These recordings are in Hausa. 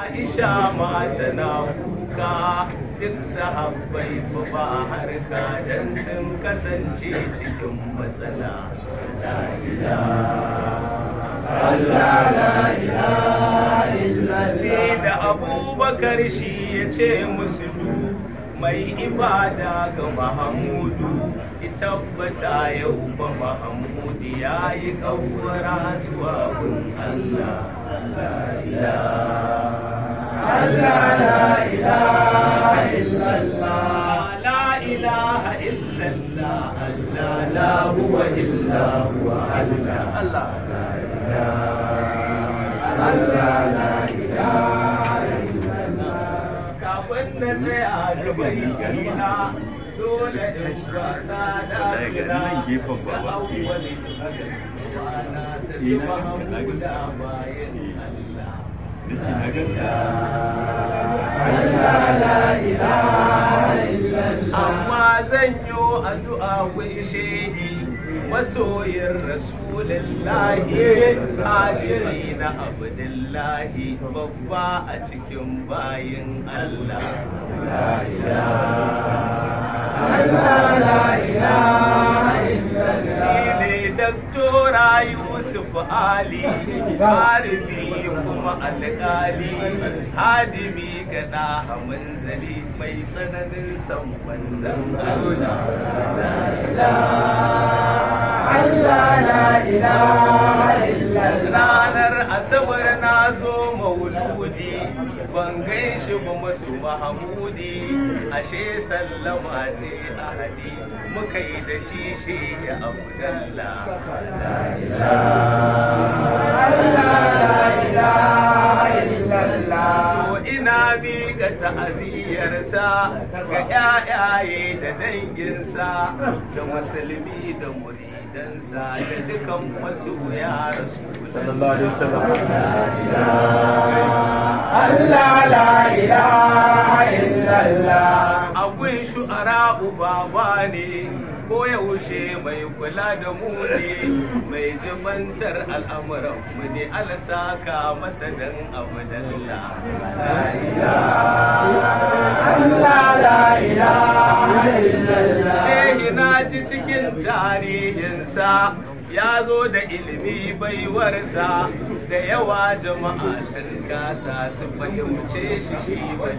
Aisha mata na kuka duk sahabbai ba harka dan sun kasance cikin matsala. La Allah la ilaha illa sai da Abubakar shi ya ce musu mai ibada ga mahamudu tabbata yau ba mahamudu ya yi kawara zuwa kun Allah Allah la ilaha illallah la ilaha illallah Allah la huwa illa huwa Allah Allah la ilaha Allah la ilaha na tsaya da bayyana dole in gasa da kira sa'awwalin wana ta sama hamuda bayan Allah. Amma zan yi addu'a kun masoyin rasulillahi hajiri na abdullahi babba a cikin bayan Allah shine daktora yusuf ali harifi kuma alƙali hadimi gada hamun zali mai tsananin san manzan Allah la ilaha illallah ranar asabar na zo mauludi ban gan ba masu mahamudi ashe sallama ce ahadi muka yi da shi shi ya abu la ilaha aziyarsa ga ‘ya'yaye da danginsa da musulmi da muridansa da dukan wasu ya rasu Allah la ilaha illallah akwai shu'ara baba ne ko yaushe mai kula da mu mai jimantar al'amuran mu ne alasaka masa dan abdalla shehi na ji cikin tarihinsa ya zo da ilimi baiwarsa da yawa jama'a sun kasa su fahimce shi shi ba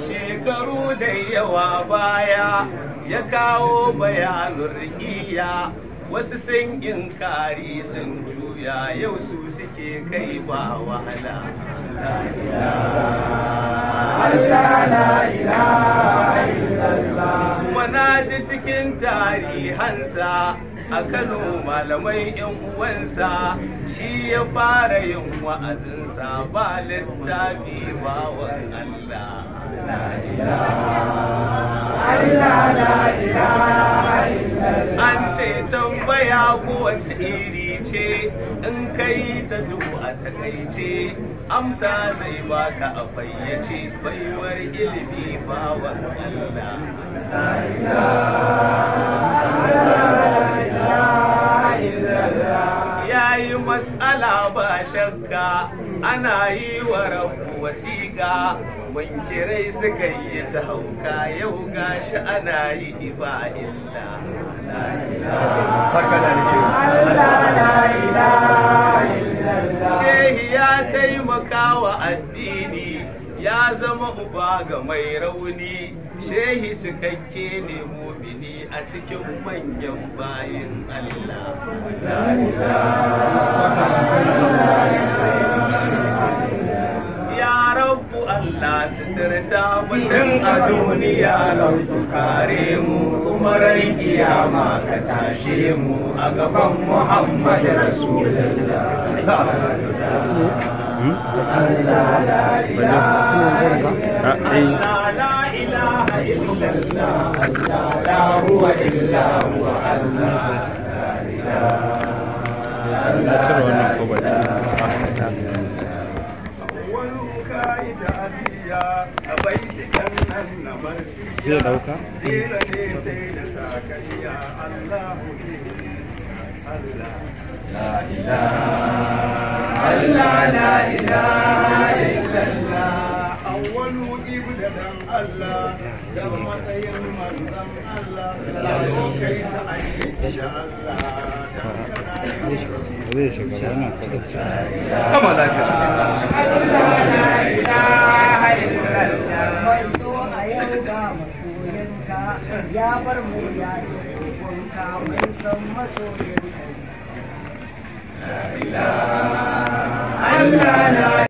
shekaru da yawa baya ya kawo bayanin rikiya wasu sun inkari sun juya yau su suke kai ba wahala Allah na ji cikin tarihansa a Kano malamai yan uwansa shi ya fara yin wa'azinsa ba littafi bawan Allah An ce tambaya kowace iri ce in kai ta duk a takaice amsa zai baka a fayyace baiwar ilimi bawan Allah. shakka ana yi wa rabu wasiƙa munkirai suka yi ta hauka yau gashi ana yi ba illa shehi ya taimaka wa addini ya zama uba ga mai rauni shehi cikakke ne mumini a cikin manyan bayin Allah. Ya rabu Allah suturta mutum a duniya lauku kare mu kuma rai ma ka tashe mu a gaban Muhammad Rasulullah. إله إلا الله لا هو إلا هو الله لا إله إلا Allah la ilaha illallah maluki dan Allah da matsayin manzan Allah da kai ta aiki da Allah a yau ga masoyinka ya bar mu ya yi mun san masoyinka. Allah na